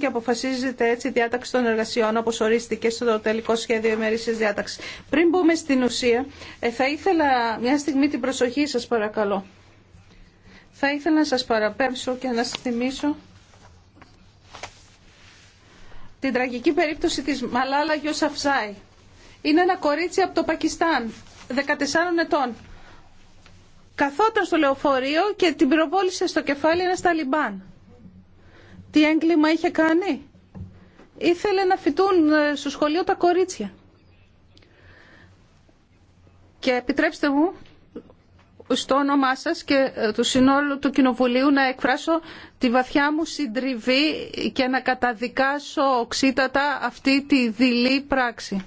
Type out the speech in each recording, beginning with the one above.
και αποφασίζεται έτσι η διάταξη των εργασιών όπως ορίστηκε στο τελικό σχέδιο ημερήσιας διάταξη. Πριν μπούμε στην ουσία, ε, θα ήθελα μια στιγμή την προσοχή σας παρακαλώ. Θα ήθελα να σας παραπέμψω και να σας θυμίσω την τραγική περίπτωση της Μαλάλα Γιωσαφζάη. Είναι ένα κορίτσι από το Πακιστάν, 14 ετών. Καθόταν στο λεωφορείο και την πυροβόλησε στο κεφάλι ένας Ταλιμπάν τι έγκλημα είχε κάνει. Ήθελε να φοιτούν ε, στο σχολείο τα κορίτσια. Και επιτρέψτε μου στο όνομά σας και ε, του συνόλου του Κοινοβουλίου να εκφράσω τη βαθιά μου συντριβή και να καταδικάσω οξύτατα αυτή τη δειλή πράξη.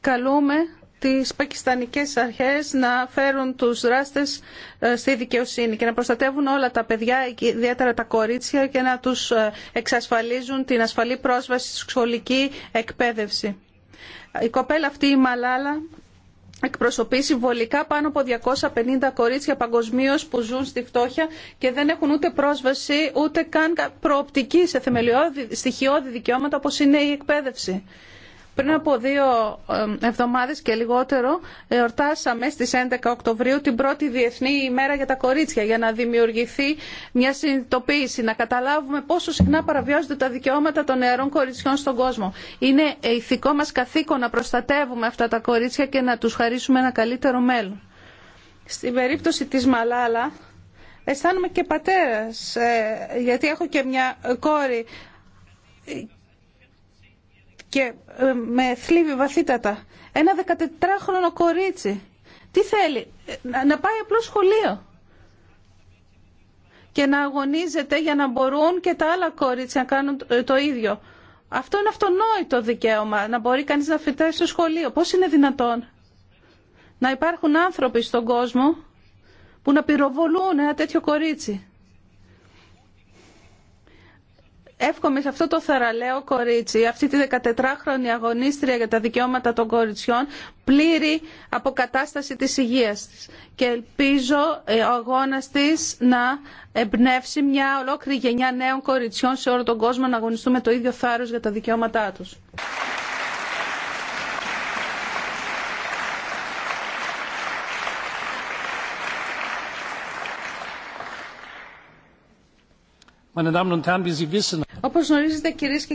Καλούμε τις πακιστανικές αρχές να φέρουν τους δράστες ε, στη δικαιοσύνη και να προστατεύουν όλα τα παιδιά, ιδιαίτερα τα κορίτσια και να τους ε, εξασφαλίζουν την ασφαλή πρόσβαση στη σχολική εκπαίδευση. Η κοπέλα αυτή η Μαλάλα εκπροσωπεί συμβολικά πάνω από 250 κορίτσια παγκοσμίω που ζουν στη φτώχεια και δεν έχουν ούτε πρόσβαση ούτε καν προοπτική σε θεμελιώδη στοιχειώδη δικαιώματα όπως είναι η εκπαίδευση. Πριν από δύο εβδομάδες και λιγότερο εορτάσαμε στις 11 Οκτωβρίου την πρώτη Διεθνή ημέρα για τα κορίτσια για να δημιουργηθεί μια συνειδητοποίηση, να καταλάβουμε πόσο συχνά παραβιάζονται τα δικαιώματα των νεαρών κοριτσιών στον κόσμο. Είναι ηθικό μας καθήκον να προστατεύουμε αυτά τα κορίτσια και να τους χαρίσουμε ένα καλύτερο μέλλον. Στην περίπτωση της Μαλάλα αισθάνομαι και πατέρας ε, γιατί έχω και μια κόρη και ε, με θλίβει βαθύτατα. Ένα 14χρονο κορίτσι. Τι θέλει, ε, να πάει απλό σχολείο και να αγωνίζεται για να μπορούν και τα άλλα κορίτσια να κάνουν το ε, ίδιο. Αυτό είναι αυτονόητο δικαίωμα, να μπορεί κανείς να φυτέψει στο σχολείο. Πώς είναι δυνατόν να υπάρχουν άνθρωποι στον κόσμο που να πυροβολούν ένα τέτοιο κορίτσι. εύχομαι σε αυτό το θαραλέο κορίτσι, αυτή τη 14χρονη αγωνίστρια για τα δικαιώματα των κοριτσιών, πλήρη αποκατάσταση της υγείας της. Και ελπίζω ε, ο αγώνας της να εμπνεύσει μια ολόκληρη γενιά νέων κοριτσιών σε όλο τον κόσμο να αγωνιστούμε το ίδιο θάρρος για τα δικαιώματά τους. Meine Damen und Herren, wie Sie wissen, όπως γνωρίζετε κυρίες και